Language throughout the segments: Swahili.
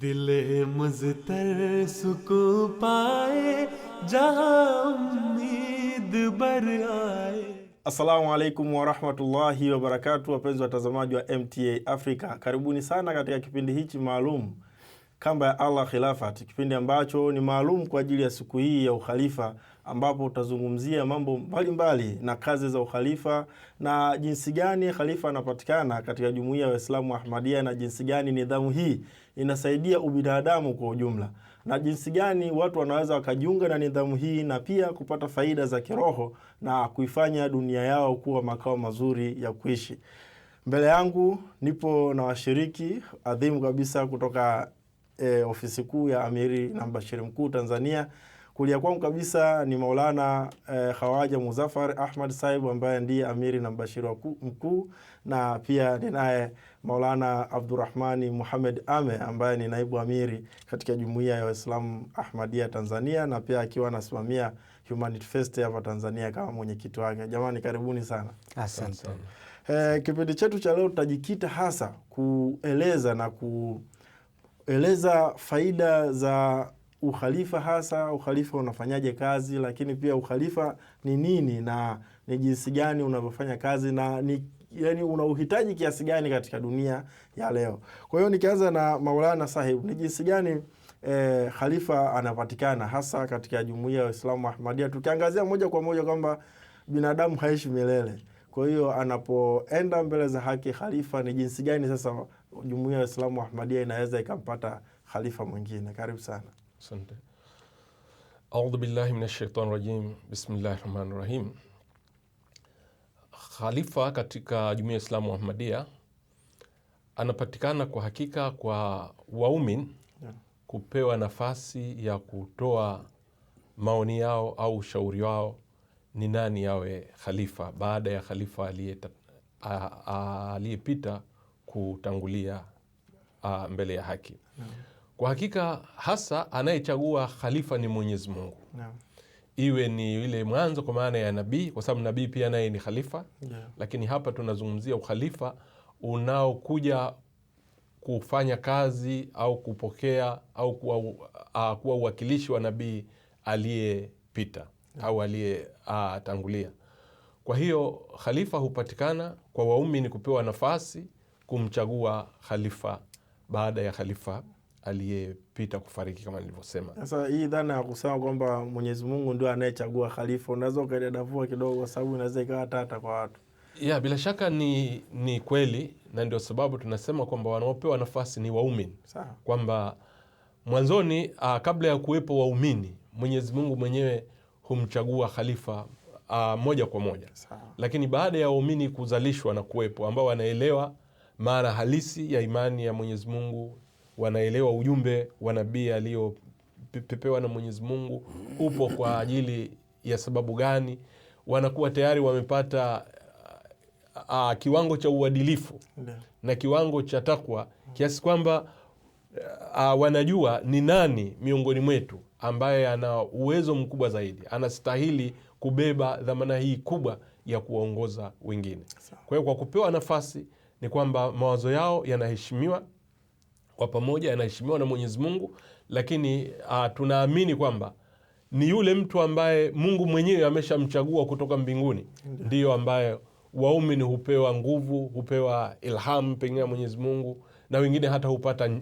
दिल मजतर सुकून पाए जहां बर आए Assalamu alaikum warahmatullahi wabarakatu, wapenzi watazamaji wa MTA Africa, karibuni sana katika kipindi hichi maalum kamba ya Allah Khilafat, kipindi ambacho ni maalum kwa ajili ya siku hii ya ukhalifa, ambapo utazungumzia mambo mbalimbali na kazi za ukhalifa na jinsi gani khalifa anapatikana katika jumuiya ya Waislamu Ahmadiyya na jinsi gani nidhamu hii inasaidia ubinadamu kwa ujumla na jinsi gani watu wanaweza wakajiunga na nidhamu hii na pia kupata faida za kiroho na kuifanya dunia yao kuwa makao mazuri ya kuishi. Mbele yangu nipo na washiriki adhimu kabisa kutoka e, ofisi kuu ya amiri na mbashiri mkuu Tanzania. Kulia kwangu kabisa ni Maulana e, Khawaja Muzaffar Ahmad Saib ambaye ndiye amiri na mbashiri mkuu, na pia ninaye Maulana Abdurrahmani Muhamed Ame ambaye ni naibu amiri katika jumuiya ya Waislamu Ahmadia Tanzania, na pia akiwa anasimamia Humanity Fest hapa Tanzania kama mwenyekiti wake. Jamani, karibuni sana, asante. Eh, kipindi chetu cha leo tutajikita hasa kueleza na ku eleza faida za ukhalifa, hasa ukhalifa unafanyaje kazi, lakini pia ukhalifa ni nini na ni jinsi gani unavyofanya kazi na ni yani una uhitaji kiasi gani katika dunia ya leo. Kwa hiyo nikianza na Maulana Sahib, ni jinsi gani e, khalifa anapatikana hasa katika jumuiya ya Waislamu Ahmadiyya, tukiangazia moja kwa moja kwamba binadamu haishi milele. Kwa hiyo anapoenda mbele za haki khalifa, ni jinsi gani sasa jumuiya ya Waislamu Ahmadia inaweza ikampata khalifa mwingine. Karibu sana. Asante. Audhu billahi min shaitani rajim. Bismillahi rahmani rahim. Khalifa katika jumuiya ya Islamu Ahmadia anapatikana kwa hakika kwa waumin kupewa nafasi ya kutoa maoni yao au ushauri wao ni nani yawe khalifa baada ya khalifa aliyepita kutangulia uh, mbele ya haki no. Kwa hakika hasa anayechagua khalifa ni Mwenyezi Mungu no. Iwe ni ile mwanzo kwa maana ya nabii, kwa sababu nabii pia naye ni khalifa no. Lakini hapa tunazungumzia ukhalifa unaokuja kufanya kazi au kupokea au kuwa, uh, kuwa uwakilishi wa nabii aliyepita yeah. au aliyetangulia ah, uh, kwa hiyo khalifa hupatikana kwa waumini kupewa nafasi kumchagua khalifa baada ya khalifa aliyepita kufariki kama nilivyosema. Sasa hii dhana ya kusema kwamba Mwenyezi Mungu ndio anayechagua khalifa unaweza ukaidadavua kidogo, kwa sababu inaweza ikawa tata kwa watu. Ya, bila shaka ni, ni kweli na ndio sababu tunasema kwamba wanaopewa nafasi ni waumini, kwamba mwanzoni uh, kabla ya kuwepo waumini Mwenyezi Mungu mwenyewe humchagua khalifa uh, moja kwa moja Saha. Lakini baada ya waumini kuzalishwa na kuwepo ambao wanaelewa maana halisi ya imani ya Mwenyezi Mungu, wanaelewa ujumbe wa nabii aliyopepewa na Mwenyezi Mungu upo kwa ajili ya sababu gani, wanakuwa tayari wamepata a, a, kiwango cha uadilifu Nde. na kiwango cha takwa kiasi kwamba a, wanajua ni nani miongoni mwetu ambaye ana uwezo mkubwa zaidi, anastahili kubeba dhamana hii kubwa ya kuwaongoza wengine. Kwa hiyo kwa kupewa nafasi ni kwamba mawazo yao yanaheshimiwa kwa pamoja, yanaheshimiwa na Mwenyezi Mungu, lakini uh, tunaamini kwamba ni yule mtu ambaye Mungu mwenyewe ameshamchagua kutoka mbinguni ndiyo ambaye waumini hupewa nguvu, hupewa ilham pengine ya Mwenyezi Mungu, na wengine hata hupata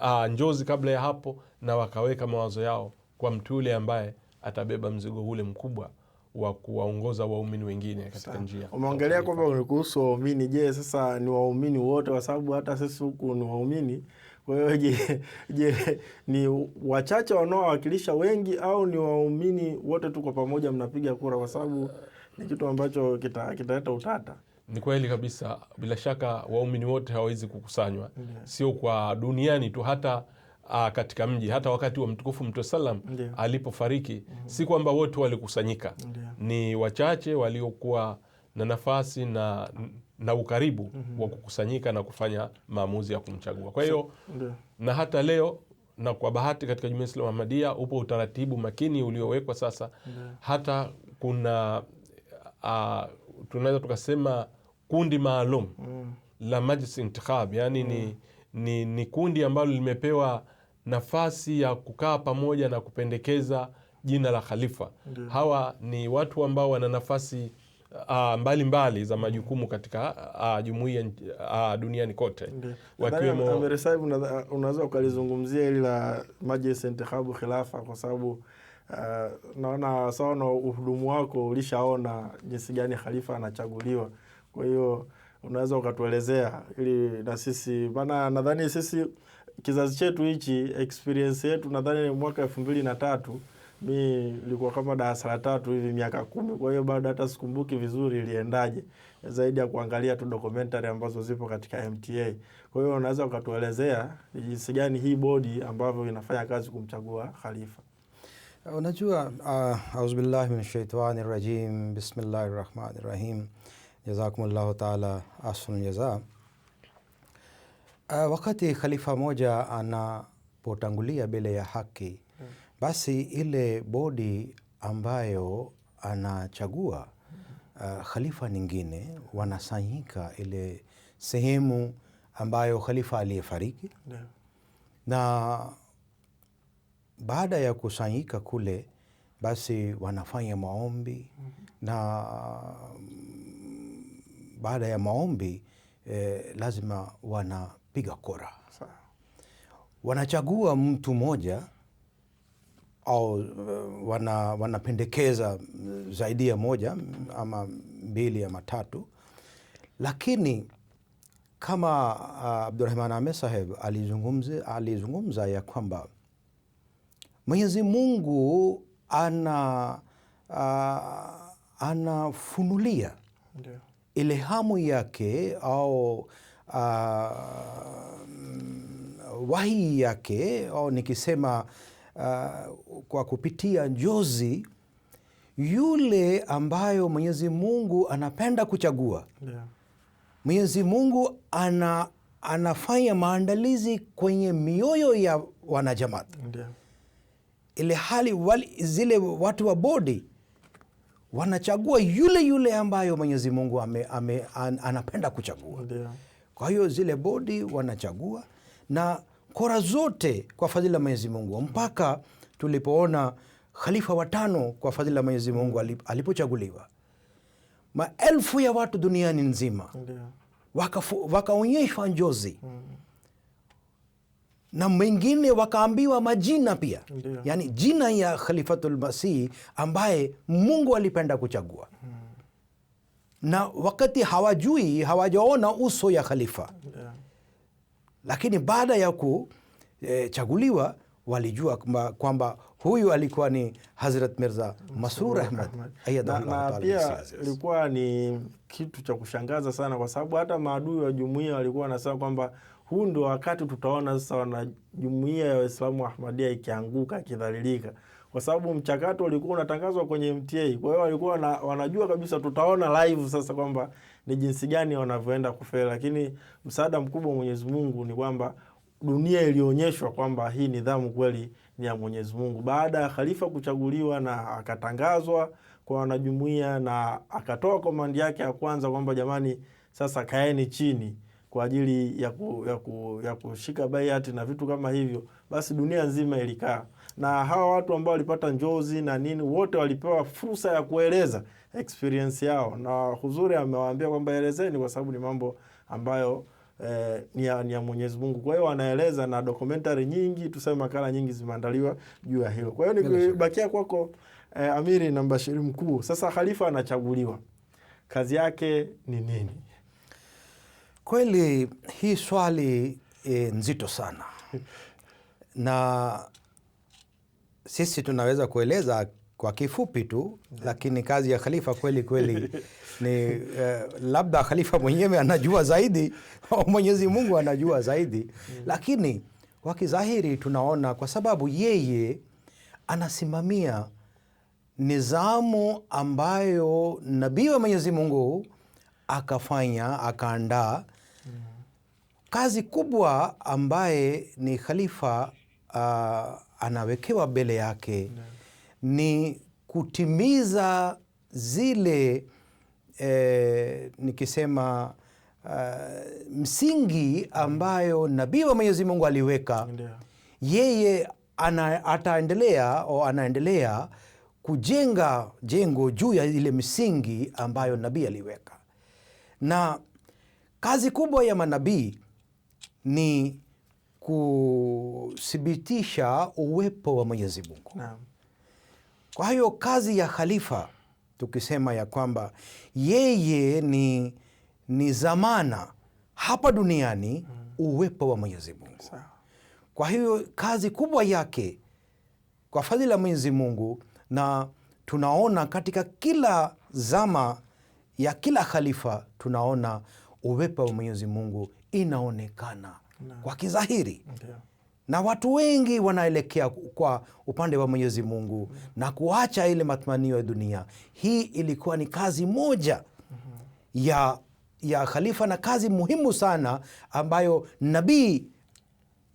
uh, njozi kabla ya hapo, na wakaweka mawazo yao kwa mtu yule ambaye atabeba mzigo ule mkubwa wa kuwaongoza waumini wengine katika njia. Umeongelea kwamba kuhusu waumini. Je, sasa ni waumini wote? Kwa sababu hata sisi huku ni waumini. Kwa hiyo je, je, ni wachache wanaowakilisha wengi au ni waumini wote tu kwa pamoja mnapiga kura? Kwa sababu ni kitu ambacho kitaleta kita utata. Ni kweli kabisa, bila shaka waumini wote hawawezi kukusanywa, yeah. Sio kwa duniani tu, hata a, ah, katika mji, hata wakati wa mtukufu Mtume salam alipofariki, mm -hmm. si kwamba wote walikusanyika, yeah ni wachache waliokuwa na nafasi na, na ukaribu mm -hmm. wa kukusanyika na kufanya maamuzi ya kumchagua. Kwa hiyo so, na hata leo na kwa bahati katika Jumuiya ya Islamu Ahmadiyya upo utaratibu makini uliowekwa sasa Nde. hata kuna tunaweza tukasema kundi maalum mm. la majlis intikhab yani mm. ni, ni, ni kundi ambalo limepewa nafasi ya kukaa pamoja na kupendekeza jina la khalifa. Ndiyo. Hawa ni watu ambao wana nafasi mbalimbali ah, uh, mbali za majukumu katika uh, jumuiya uh, duniani kote wakiwemo Unaweza ukalizungumzia ili la majlis intikhabu khilafa kwa sababu Uh, naona sawa na uhudumu wako ulishaona jinsi gani khalifa anachaguliwa. Kwa hiyo unaweza ukatuelezea ili na sisi, maana nadhani sisi kizazi chetu hichi experience yetu nadhani mwaka elfu mbili na tatu mi ilikuwa kama darasa la tatu hivi miaka kumi, kwa hiyo bado hata sikumbuki vizuri iliendaje, zaidi ya kuangalia tu documentary ambazo zipo katika MTA. Kwa hiyo unaweza ukatuelezea jinsi gani hii bodi ambavyo inafanya kazi kumchagua khalifa? Unajua, uh, ah, auzubillahi minashaitani rajim, bismillahi rahmani rahim, jazakumullahu taala asun jaza. Uh, wakati khalifa moja anapotangulia mbele ya haki basi ile bodi ambayo anachagua uh, khalifa nyingine wanasanyika ile sehemu ambayo khalifa aliyefariki Na baada ya kusanyika kule, basi wanafanya maombi mhm. Na baada ya maombi eh, lazima wanapiga kura Sa. Wanachagua mtu mmoja au eh, wana, wanapendekeza zaidi ya moja ama mbili ama tatu, lakini kama uh, ah, Abdurahman Ame Saheb alizungumza, alizungumza ya kwamba Mwenyezi Mungu ana uh, anafunulia ile hamu yake au uh, ah, mm, wahii yake au nikisema uh, kwa kupitia njozi yule ambayo Mwenyezi Mungu anapenda kuchagua yeah. Mwenyezi Mungu ana, anafanya maandalizi kwenye mioyo ya wanajamaat. yeah. Ile hali wali, zile watu wa bodi wanachagua yule yule ambayo Mwenyezi Mungu ame, ame, an, anapenda kuchagua yeah. Kwa hiyo zile bodi wanachagua na kora zote kwa fadhila ya Mwenyezi Mungu mpaka tulipoona khalifa watano kwa fadhila ya Mwenyezi Mungu alipochaguliwa, maelfu ya watu duniani nzima wakaonyeshwa waka njozi hmm. na mengine wakaambiwa majina pia Yani jina ya Khalifatul Masihi ambaye Mungu alipenda kuchagua hmm. Na wakati hawajui hawajaona uso ya khalifa lakini baada ya kuchaguliwa eh, walijua kwamba kwamba huyu alikuwa ni Hazrat Mirza Masrur Ahmad, pia ilikuwa ni kitu cha kushangaza sana, kwa sababu hata maadui wa jumuiya walikuwa wanasema kwamba huu ndio wakati tutaona sasa wana jumuiya ya Waislamu Ahmadia ikianguka ikidhalilika, kwa sababu mchakato ulikuwa unatangazwa kwenye MTA. Kwa hiyo walikuwa wanajua kabisa tutaona live sasa kwamba ni jinsi gani wanavyoenda kufeli, lakini msaada mkubwa wa Mwenyezi Mungu ni kwamba dunia ilionyeshwa kwamba hii nidhamu kweli ni ya Mwenyezi Mungu. Baada ya khalifa kuchaguliwa na akatangazwa kwa wanajumuia na akatoa komandi yake ya kwanza kwamba jamani, sasa kaeni chini kwa ajili ya, ku, ya, ku, ya kushika baiati na vitu kama hivyo, basi dunia nzima ilikaa, na hawa watu ambao walipata njozi na nini, wote walipewa fursa ya kueleza experience yao, na huzuri amewaambia kwamba elezeni, kwa sababu ni mambo ambayo Eh, ni ya, ni ya Mwenyezi Mungu. Kwa hiyo wanaeleza na documentary nyingi, tuseme makala nyingi zimeandaliwa juu ya hilo. Kwa hiyo nikibakia kwako eh, Amiri na mbashiri mkuu, sasa Khalifa anachaguliwa, kazi yake ni nini? Kweli hii swali e, nzito sana na sisi tunaweza kueleza kwa kifupi tu, lakini kazi ya khalifa kweli kweli ni uh, labda khalifa mwenyewe anajua zaidi au Mwenyezi Mungu anajua zaidi, lakini kwa kidhahiri tunaona kwa sababu yeye anasimamia nizamu ambayo nabii wa Mwenyezi Mungu akafanya akaandaa kazi kubwa ambaye ni khalifa uh, anawekewa mbele yake ni kutimiza zile e, nikisema uh, msingi ambayo nabii wa Mwenyezi Mungu aliweka yeye ana, ataendelea au anaendelea kujenga jengo juu ya ile msingi ambayo nabii aliweka, na kazi kubwa ya manabii ni kuthibitisha uwepo wa Mwenyezi Mungu. Naam. Kwa hiyo kazi ya khalifa tukisema ya kwamba yeye ni, ni zamana hapa duniani hmm. uwepo wa Mwenyezi Mungu. Kwa hiyo kazi kubwa yake kwa fadhila ya Mwenyezi Mungu, na tunaona katika kila zama ya kila khalifa tunaona uwepo wa Mwenyezi Mungu inaonekana kwa kidhahiri na watu wengi wanaelekea kwa upande wa Mwenyezi Mungu mm -hmm. na kuacha ile matamanio ya dunia. Hii ilikuwa ni kazi moja mm -hmm. ya, ya khalifa na kazi muhimu sana ambayo nabii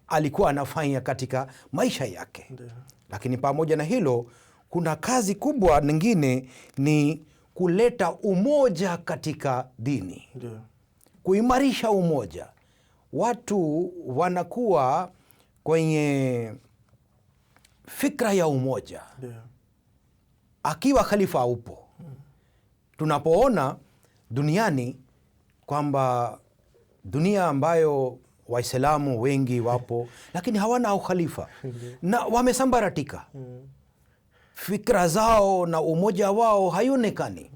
alikuwa anafanya katika maisha yake mm -hmm. Lakini pamoja na hilo, kuna kazi kubwa nyingine ni kuleta umoja katika dini mm -hmm. kuimarisha umoja, watu wanakuwa kwenye fikra ya umoja yeah. Akiwa khalifa upo mm. Tunapoona duniani kwamba dunia ambayo Waislamu wengi wapo lakini hawana ukhalifa na wamesambaratika mm. Fikra zao na umoja wao haionekani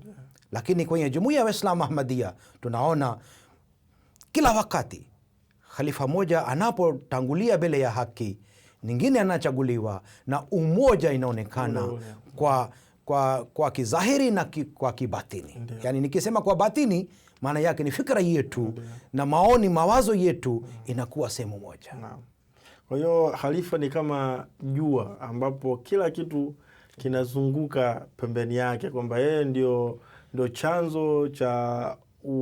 Lakini kwenye jumuia ya Waislamu Ahmadia tunaona kila wakati khalifa moja anapotangulia mbele ya haki, ningine anachaguliwa na umoja inaonekana kwa, kwa, kwa kidhahiri na ki, kwa kibatini. Yani nikisema kwa batini maana yake ni fikra yetu Ndiyo. na maoni mawazo yetu inakuwa sehemu moja. Kwa hiyo halifa ni kama jua ambapo kila kitu kinazunguka pembeni yake, kwamba yeye ndio, ndio chanzo cha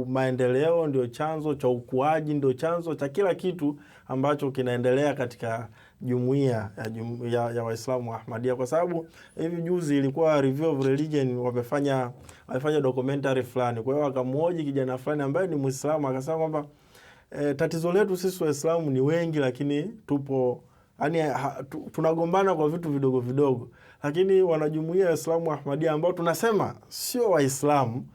maendeleo ndio chanzo cha ukuaji, ndio chanzo cha kila kitu ambacho kinaendelea katika jumuiya ya, jum, ya, ya Waislamu wa Ahmadiyya, kwa sababu hivi juzi ilikuwa Review of Religion wamefanya wamefanya documentary fulani. Kwa hiyo akamhoji kijana fulani ambaye ni Muislamu akasema kwamba e, tatizo letu sisi Waislamu ni wengi, lakini tupo yani tunagombana kwa vitu vidogo vidogo, lakini wanajumuiya ya Waislamu wa Ahmadiyya ambao tunasema sio Waislamu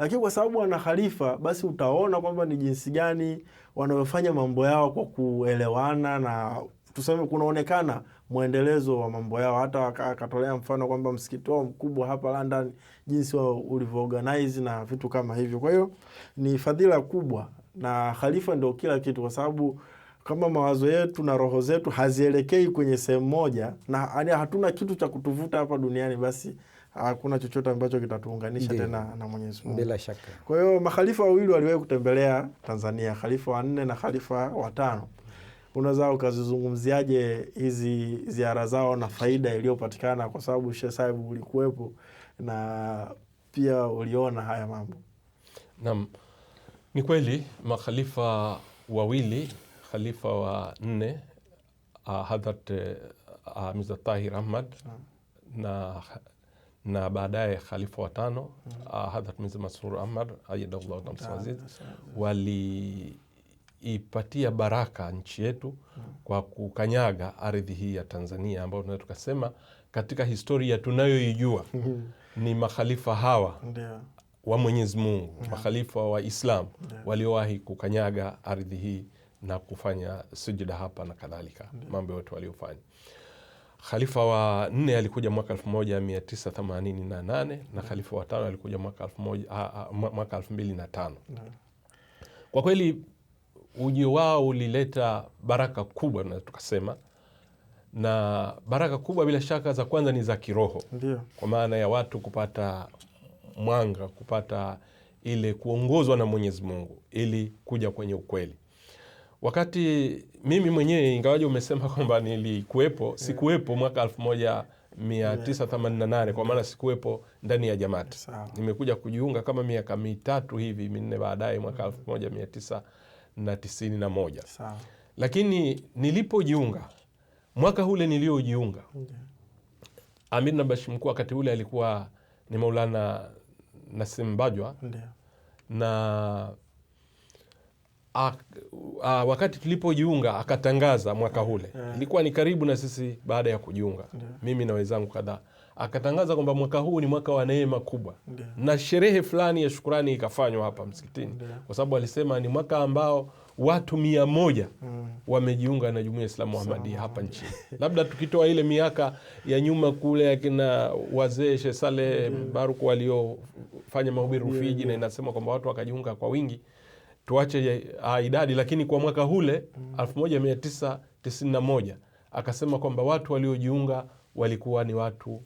lakini kwa sababu ana khalifa, basi utaona kwamba ni jinsi gani wanavyofanya mambo yao kwa kuelewana na tuseme kunaonekana mwendelezo wa mambo yao. Hata akatolea mfano kwamba msikiti wao mkubwa hapa London, jinsi wao ulivyoorganize na vitu kama hivyo. Kwa hiyo ni fadhila kubwa, na khalifa ndio kila kitu, kwa sababu kama mawazo yetu na roho zetu hazielekei kwenye sehemu moja na yaani hatuna kitu cha kutuvuta hapa duniani, basi hakuna chochote ambacho kitatuunganisha tena na Mwenyezi Mungu. Bila shaka. Kwa hiyo makhalifa wawili waliwahi kutembelea Tanzania, khalifa wa nne na khalifa wa tano. Unaweza ukazizungumziaje hizi ziara zao na faida iliyopatikana, kwa sababu Sheikh Saibu ulikuwepo na pia uliona haya mambo? Naam, ni kweli makhalifa wawili, khalifa wa nne ah, Hadhrat eh, ah, Mirza Tahir Ahmad ah. na na baadaye khalifa watano mm -hmm. uh, Hadhrat Mirza Masrur Ahmad ayadallahu tamsa waliipatia baraka nchi yetu mm -hmm. kwa kukanyaga ardhi hii ya Tanzania ambayo tunaweza tukasema katika historia tunayoijua ni makhalifa hawa wa Mwenyezi Mungu yeah. makhalifa wa Islam yeah. waliowahi kukanyaga ardhi hii na kufanya sujida hapa na kadhalika mambo yote waliofanya. Khalifa wa nne alikuja mwaka 1988 na, na khalifa wa tano alikuja mwaka 2005. Kwa kweli ujio wao ulileta baraka kubwa na tukasema, na baraka kubwa bila shaka, za kwanza ni za kiroho. Ndiyo. Kwa maana ya watu kupata mwanga, kupata ile kuongozwa na Mwenyezi Mungu ili kuja kwenye ukweli. Wakati mimi mwenyewe ingawaje umesema kwamba nilikuwepo, sikuwepo mwaka elfu moja mia tisa na nane kwa maana sikuwepo ndani ya jamati Nimekuja kujiunga kama miaka mitatu hivi minne baadaye mwaka elfu moja mia tisa na tisini na moja. Lakini nilipojiunga mwaka ule niliojiunga, Amir Nabashi mkuu wakati ule alikuwa ni Maulana Nasimbajwa Bajwa na A, a, wakati tulipojiunga akatangaza mwaka ule yeah. Ilikuwa ni karibu na sisi baada ya kujiunga yeah. Mimi na wenzangu kadhaa akatangaza kwamba mwaka huu ni mwaka wa neema kubwa yeah. Na sherehe fulani ya shukurani ikafanywa hapa msikitini yeah. Kwa sababu alisema ni mwaka ambao watu mia moja mm. wamejiunga na jumuiya Islamu Muhammadia hapa nchini labda tukitoa ile miaka ya nyuma kule akina wazee shesale Saleh yeah. Baruku waliofanya mahubiri Rufiji yeah, yeah. Na inasema kwamba watu wakajiunga kwa wingi tuache ah, idadi, lakini kwa mwaka hule 1991 akasema kwamba watu waliojiunga walikuwa ni watu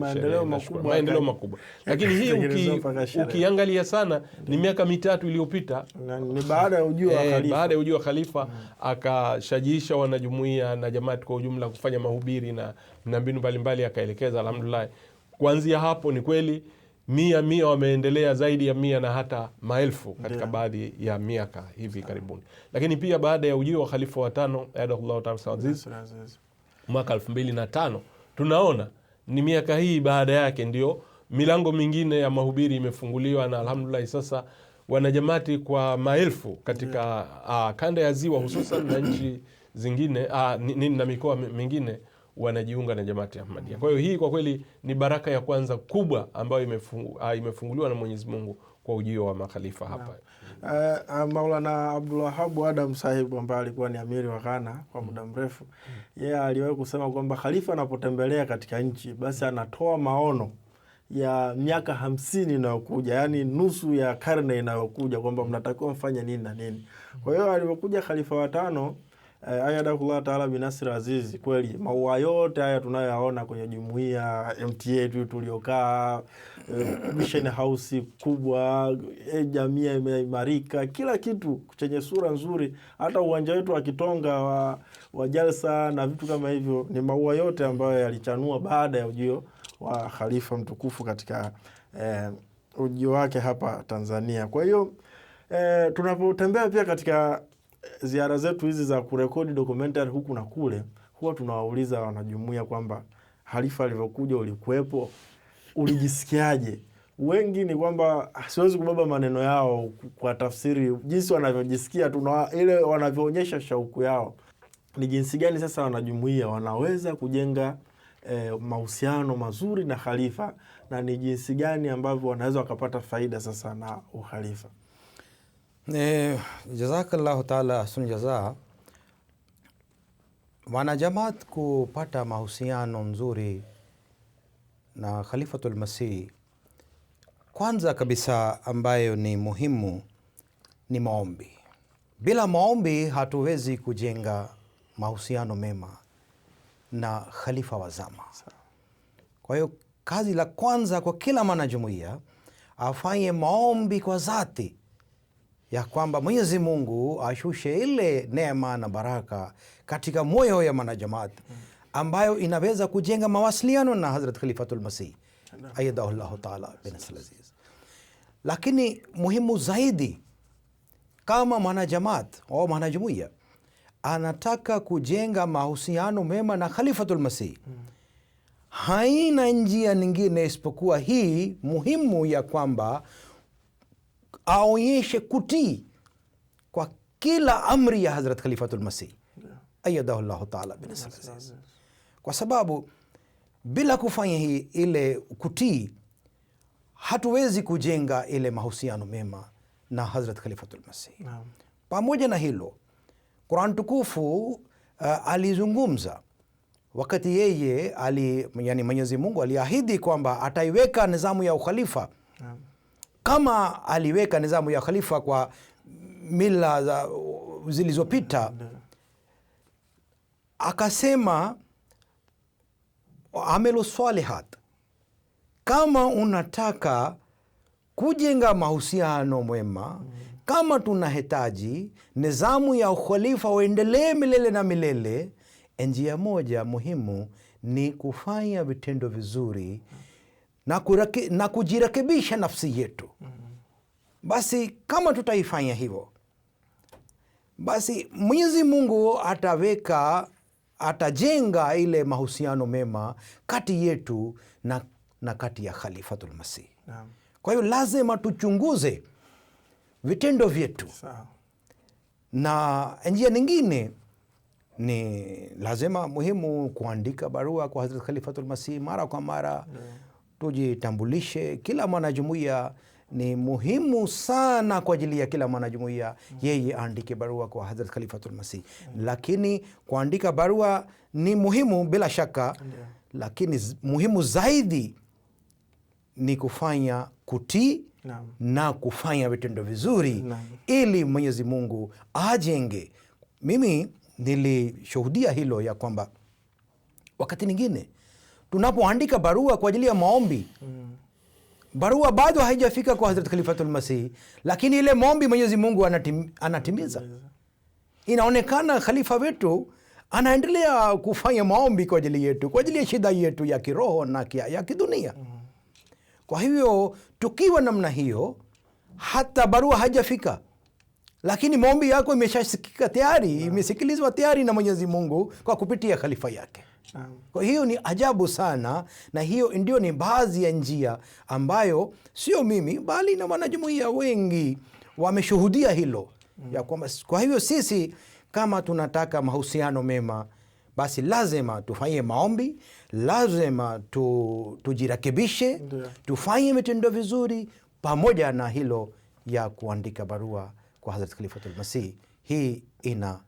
maendeleo makubwa, lakini hii uki, ukiangalia sana ni miaka mitatu iliyopita eh, baada ya ujio wa khalifa mm. akashajiisha wanajumuia na jamaati kwa ujumla kufanya mahubiri na na mbinu mbalimbali, akaelekeza alhamdulilahi Kuanzia hapo ni kweli mia mia wameendelea zaidi ya mia na hata maelfu katika baadhi ya miaka hivi karibuni. Lakini pia baada ya ujio wa khalifa watano mwaka elfu mbili na tano tunaona ni miaka hii baada yake ndio milango mingine ya mahubiri imefunguliwa na alhamdulillah, sasa wanajamati kwa maelfu katika a, ah, kanda ya Ziwa hususan na nchi zingine a, ah, nini na mikoa mingine wanajiunga na jamaati ya Ahmadiyya. Kwa hiyo hii kwa kweli ni baraka ya kwanza kubwa ambayo ah, imefunguliwa na Mwenyezi Mungu kwa ujio wa makhalifa hapa uh, uh, Maulana Abdulwahabu Adam Sahib ambaye alikuwa ni amiri wa Ghana kwa muda mrefu yeye yeah, aliwahi kusema kwamba khalifa anapotembelea katika nchi basi anatoa maono ya miaka hamsini inayokuja yani nusu ya karne inayokuja kwamba mnatakiwa mfanye nini na nini. Kwa hiyo alipokuja khalifa watano Eh, ayadahullah taala binasir azizi, kweli maua yote haya tunayoyaona kwenye jumuiya MTA tu tuliokaa eh, mission house kubwa, eh, jamii imeimarika, kila kitu chenye sura nzuri, hata uwanja wetu wa Kitonga wa, wa jalsa na vitu kama hivyo, ni maua yote ambayo yalichanua baada ya ujio wa khalifa mtukufu katika eh, ujio wake hapa Tanzania. Kwa hiyo eh, tunapotembea pia katika ziara zetu hizi za kurekodi documentary huku na kule, huwa tunawauliza wanajumuia kwamba Halifa alivyokuja ulikuwepo, ulijisikiaje? Wengi ni kwamba ah, siwezi kubeba maneno yao kwa tafsiri, jinsi wanavyojisikia tu na ile wanavyoonyesha shauku yao, ni jinsi gani sasa wanajumuia wanaweza kujenga eh, mahusiano mazuri na Khalifa na ni jinsi gani ambavyo wanaweza wakapata faida sasa na uhalifa jazakallahu taala ahsanul jazaa. Wanajamaat kupata mahusiano nzuri na Khalifatul Masih, kwanza kabisa ambayo ni muhimu ni maombi. Bila maombi hatuwezi kujenga mahusiano mema na khalifa wa zama. Kwa hiyo kazi la kwanza kwa kila mwanajumuiya afanye maombi kwa dhati ya kwamba Mwenyezi Mungu ashushe ile neema na baraka katika moyo ya manajamaat ambayo inaweza kujenga mawasiliano na Hazrat Khalifatul Masih ayadahu llahu taala binasalaziz. Lakini muhimu zaidi, kama mwanajamaat au mwanajumuiya anataka kujenga mahusiano mema na Khalifatul Masih, haina njia nyingine isipokuwa hii muhimu ya kwamba aonyeshe kutii kwa kila amri ya Hazrat khalifatu lmasih ayadahu llahu taala Kwa sababu bila kufanya hii ile kutii hatuwezi kujenga ile mahusiano mema na Hazrat khalifatu lmasihi Pamoja na hilo Quran tukufu uh, alizungumza wakati yeye ali, yani Mwenyezi Mungu aliahidi kwamba ataiweka nizamu ya ukhalifa kama aliweka nizamu ya khalifa kwa mila za zilizopita, akasema amelu salihat, kama unataka kujenga mahusiano mwema, kama tunahitaji nizamu ya ukhalifa uendelee milele na milele, njia moja muhimu ni kufanya vitendo vizuri na, kurake, na kujirekebisha nafsi yetu. Basi kama tutaifanya hivyo, basi Mwenyezi Mungu ataweka atajenga ile mahusiano mema kati yetu na, na kati ya khalifatulmasihi Kwa hiyo lazima tuchunguze vitendo vyetu Na njia nyingine ni lazima muhimu kuandika barua kwa Hazrat Khalifatul mara kwa mara tujitambulishe. Kila mwanajumuiya ni muhimu sana kwa ajili ya kila mwanajumuiya yeye aandike barua kwa hadrat Khalifatul lakini kuandika barua ni muhimu bila shaka, lakini muhimu zaidi ni kufanya kutii na, kufanya vitendo vizuri ili Mwenyezi Mungu ajenge. Mimi nilishuhudia hilo ya kwamba wakati ningine tunapoandika barua kwa ajili ya maombi mm. barua bado haijafika kwa Hazrat Khalifatul lakini ile maombi Mwenyezi Mungu anatim, anatimiza. Inaonekana khalifa wetu anaendelea kufanya maombi kwa ajili yetu, kwa ajili ya shida yetu ya kiroho na ya kidunia. Kwa hivyo tukiwa namna hiyo, hata barua haijafika lakini maombi yako imeshasikika tayari, imesikilizwa tayari na Mwenyezi Mungu kwa kupitia khalifa yake. Kwa hiyo ni ajabu sana, na hiyo ndio ni baadhi ya njia ambayo sio mimi bali na wanajumuiya wengi wameshuhudia hilo ya kwamba. Kwa hivyo sisi kama tunataka mahusiano mema, basi lazima tufanye maombi, lazima tu, tujirekebishe, tufanye mitendo vizuri, pamoja na hilo ya kuandika barua kwa Hazrat Khalifatul Masih. Hii ina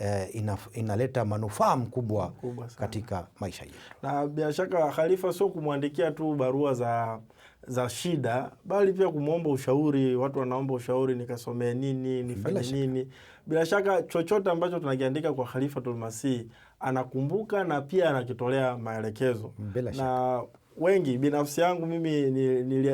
eh, ina, inaleta manufaa mkubwa katika maisha yetu. Na bila shaka Khalifa, sio kumwandikia tu barua za za shida bali pia kumwomba ushauri. Watu wanaomba ushauri, nikasomee nini, nifanye nini? Bila shaka chochote ambacho tunakiandika kwa Khalifa Masih anakumbuka na pia anakitolea maelekezo na wengi binafsi yangu mimi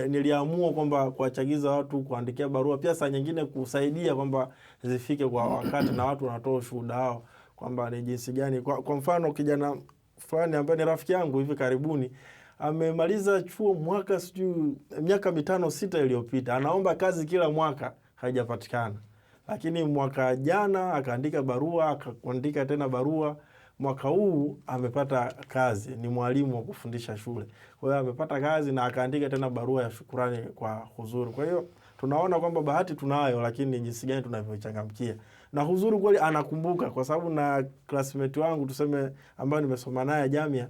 niliamua kwamba kuwachagiza watu kuandikia barua, pia saa nyingine kusaidia kwamba zifike kwa wakati na watu wanatoa ushuhuda wao kwamba ni jinsi gani. Kwa, kwa mfano kijana fulani ambaye ni rafiki yangu hivi karibuni amemaliza chuo mwaka sijui miaka mitano sita iliyopita, anaomba kazi kila mwaka haijapatikana, lakini mwaka jana akaandika barua akaandika tena barua mwaka huu amepata kazi, ni mwalimu wa kufundisha shule. Kwa hiyo amepata kazi na akaandika tena barua ya shukurani kwa Huzuri. Kwa hiyo tunaona kwamba bahati tunayo, lakini jinsi gani tunavyochangamkia na Huzuri kweli anakumbuka, kwa sababu na klasmeti wangu tuseme, ambayo nimesoma naye Jamia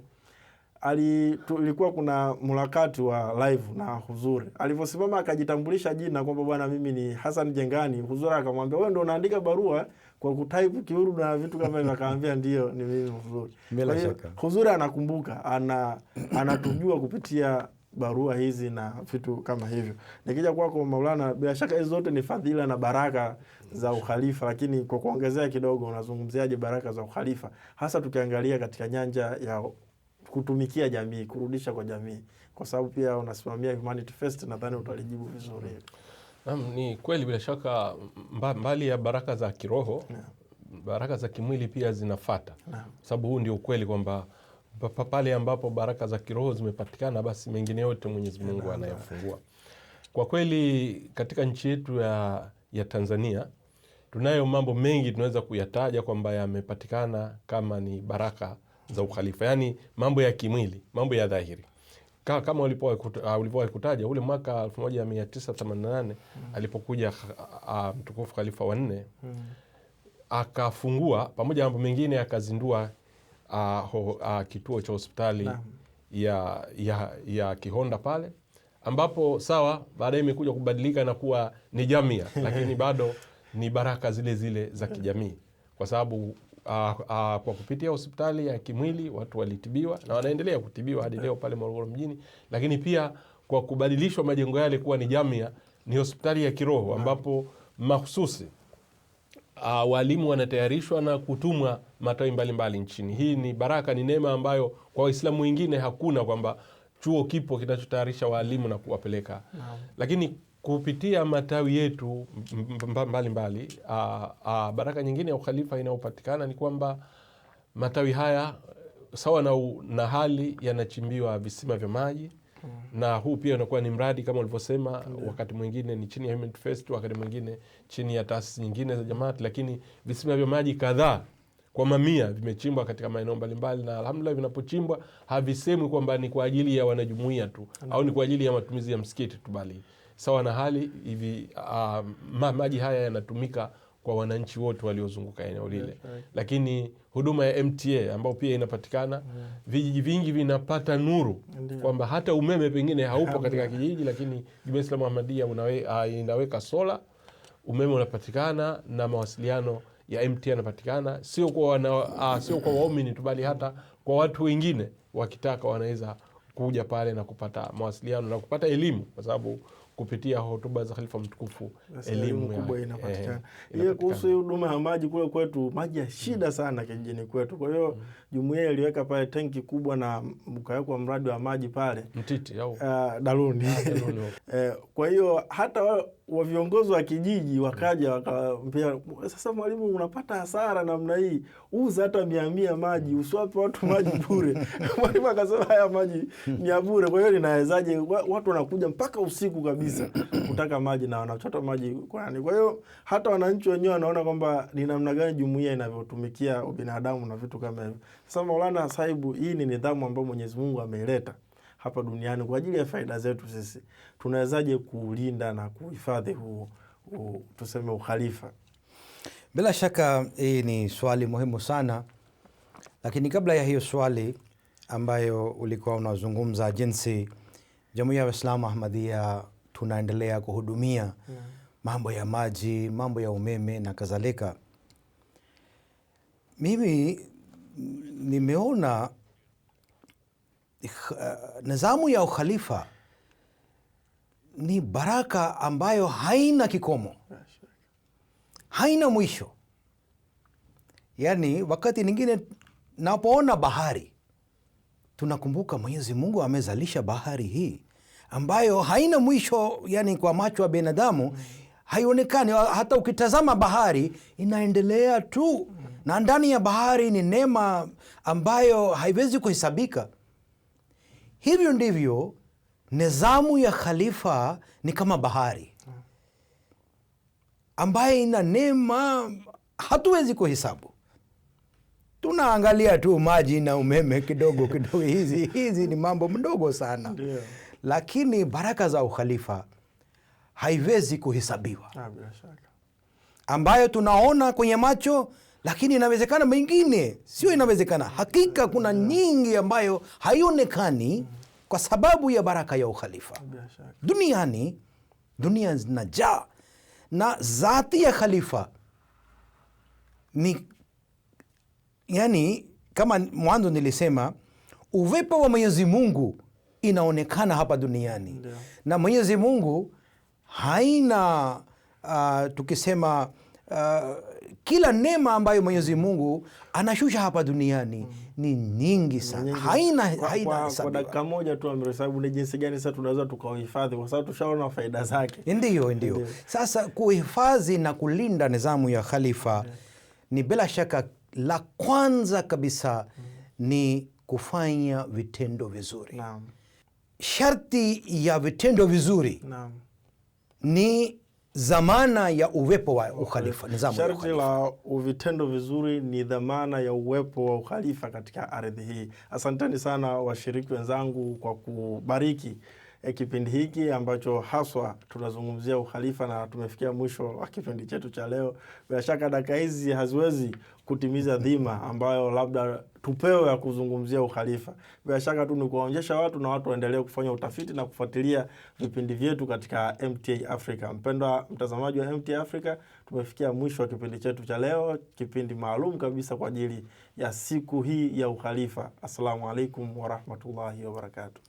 ilikuwa kuna mlakati wa live na Huzuri, alivyosimama akajitambulisha jina kwamba bwana, mimi ni Hasan Jengani. Huzuri akamwambia wewe ndo unaandika barua eh? kwa kutaipu kiuru na vitu kama hivyo, akaambia ndio, ni mimi Huzuri. Bila shaka Huzuri anakumbuka, ana anatujua kupitia barua hizi na vitu kama hivyo. Nikija kwako Maulana, bila shaka hizo zote ni fadhila na baraka za ukhalifa, lakini kwa kuongezea kidogo, unazungumziaje baraka za ukhalifa, hasa tukiangalia katika nyanja ya kutumikia jamii, kurudisha kwa jamii, kwa sababu pia unasimamia Humanity First, nadhani utalijibu vizuri Naam, ni kweli bila shaka mba, mbali ya baraka za kiroho na baraka za kimwili pia zinafata, sababu huu ndio ukweli kwamba pale ambapo baraka za kiroho zimepatikana, basi mengine yote Mwenyezi Mungu anayafungua. Kwa kweli katika nchi yetu ya, ya Tanzania tunayo mambo mengi tunaweza kuyataja kwamba yamepatikana kama ni baraka za ukhalifa, yaani mambo ya kimwili, mambo ya dhahiri kama ulivyowahi ah, kutaja ule mwaka 1988 mm. alipokuja ah, ah, mtukufu Khalifa wa nne mm. akafungua pamoja na mambo mengine akazindua a, ho, a, kituo cha hospitali ya, ya, ya Kihonda pale ambapo sawa baadaye imekuja kubadilika na kuwa ni jamia, lakini bado ni baraka zile zile za kijamii kwa sababu Uh, uh, kwa kupitia hospitali ya kimwili watu walitibiwa na wanaendelea kutibiwa hadi leo pale Morogoro mjini, lakini pia kwa kubadilishwa majengo yale kuwa ni jamia, ni hospitali ya kiroho mm-hmm. ambapo mahususi uh, walimu wanatayarishwa na kutumwa matawi mbalimbali nchini. Hii ni baraka, ni neema ambayo kwa Waislamu wengine hakuna, kwamba chuo kipo kinachotayarisha walimu na kuwapeleka, lakini kupitia matawi yetu mbalimbali mbali. Baraka nyingine ya ukhalifa inayopatikana ni kwamba matawi haya sawa na, u, na hali yanachimbiwa visima vya maji mm. na huu pia unakuwa ni mradi kama ulivyosema wakati mwingine ni chini ya Human Fest, wakati mwingine chini ya taasisi nyingine za jamaati, lakini visima vya maji kadhaa kwa mamia vimechimbwa katika maeneo mbalimbali, na alhamdulillah, vinapochimbwa havisemwi kwamba ni kwa ajili ya wanajumuiya tu mm. au ni kwa ajili ya matumizi ya msikiti tu bali sawa na hali hivi. um, maji haya yanatumika kwa wananchi wote waliozunguka eneo lile yes, right. Lakini huduma ya MTA ambayo pia inapatikana yeah. Vijiji vingi vinapata nuru kwamba hata umeme pengine haupo katika kijiji, lakini Jumuiya ya Islamu Ahmadiyya uh, ah, inaweka sola, umeme unapatikana na mawasiliano ya MTA yanapatikana, sio kwa wana, uh, sio kwa waumini tu bali hata kwa watu wengine wakitaka wanaweza kuja pale na kupata mawasiliano na kupata elimu kwa sababu kupitia hotuba za Khalifa Mtukufu, elimu kubwa eh, inapatikana. Ile kuhusu huduma ya maji kule kwetu, maji ya shida mm. sana kijijini kwetu. Kwa hiyo mm. jumuiya iliweka pale tenki kubwa na ukawekwa mradi wa maji pale Mtiti au uh, Daruni. Ah, Daruni. Ah, eh, kwa hiyo hata wa viongozi wa kijiji wakaja mm. wakampia, sasa mwalimu, unapata hasara namna hii, uza hata mia mia maji, mm. usiwape watu maji bure. Mwalimu akasema haya maji ni ya bure, kwa hiyo ninawezaje? Watu wanakuja mpaka usiku kabisa kutaka maji na wanachota maji kwani. Kwa hiyo hata wananchi wenyewe wanaona kwamba ni namna gani jumuia inavyotumikia binadamu na vitu kama hivyo. Sasa Maulana Saibu, hii ni nidhamu ambayo Mwenyezi Mungu ameileta hapa duniani kwa ajili ya faida zetu sisi, tunawezaje kuulinda na kuhifadhi huu, tuseme ukhalifa? Bila shaka hii ni swali muhimu sana, lakini kabla ya hiyo swali ambayo ulikuwa unazungumza jinsi Jamhuri ya Waislamu Ahmadiyya tunaendelea kuhudumia mm. mambo ya maji, mambo ya umeme na kadhalika, mimi nimeona Eh, nizamu ya ukhalifa ni baraka ambayo haina kikomo, haina mwisho. Yaani wakati ningine napoona bahari tunakumbuka Mwenyezi Mungu amezalisha bahari hii ambayo haina mwisho, yani kwa macho ya binadamu haionekani. Hata ukitazama bahari inaendelea tu na ndani ya bahari ni neema ambayo haiwezi kuhesabika. Hivyo ndivyo nizamu ya khalifa ni kama bahari ambaye ina neema hatuwezi kuhesabu. Tunaangalia tu maji na umeme kidogo kidogo, hizi hizi ni mambo mdogo sana Lakini baraka za ukhalifa haiwezi kuhesabiwa, ah, ambayo tunaona kwenye macho lakini inawezekana mengine sio, inawezekana hakika. Kuna nyingi ambayo haionekani kwa sababu ya baraka ya ukhalifa duniani. Dunia zinajaa na zati ya khalifa ni yani, kama mwanzo nilisema uwepo wa Mwenyezi Mungu inaonekana hapa duniani Na Mwenyezi Mungu haina uh, tukisema uh, kila neema ambayo Mwenyezi Mungu anashusha hapa duniani ni nyingi sana, haina dakika moja tu amesabu ni jinsi gani sasa tunaweza tukauhifadhi, kwa sababu tushaona faida zake. Ndiyo, ndio Sasa kuhifadhi na kulinda nizamu ya khalifa ni bila shaka, la kwanza kabisa mm. ni kufanya vitendo vizuri. Sharti ya vitendo vizuri ni dhamana ya uwepo wa ukhalifa. Nizamu sharti la vitendo vizuri ni dhamana ya uwepo wa ukhalifa katika ardhi hii. Asanteni sana washiriki wenzangu kwa kubariki e, kipindi hiki ambacho haswa tunazungumzia ukhalifa na tumefikia mwisho wa kipindi chetu cha leo. Bila shaka dakika hizi haziwezi kutimiza dhima ambayo labda tupewe ya kuzungumzia ukhalifa. Bila shaka tu ni kuwaonyesha watu na watu waendelee kufanya utafiti na kufuatilia vipindi vyetu katika MTA Africa. Mpendwa mtazamaji wa MTA Africa, tumefikia mwisho wa kipindi chetu cha leo, kipindi maalum kabisa kwa ajili ya siku hii ya ukhalifa. Assalamu alaikum warahmatullahi wabarakatuh.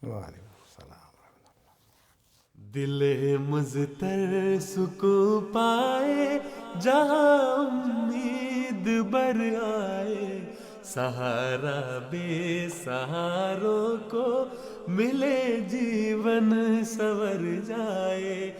दिल मुजतर सुकून पाए जहाँ उम्मीद बर आए सहारा बेसहारों को मिले जीवन सवर जाए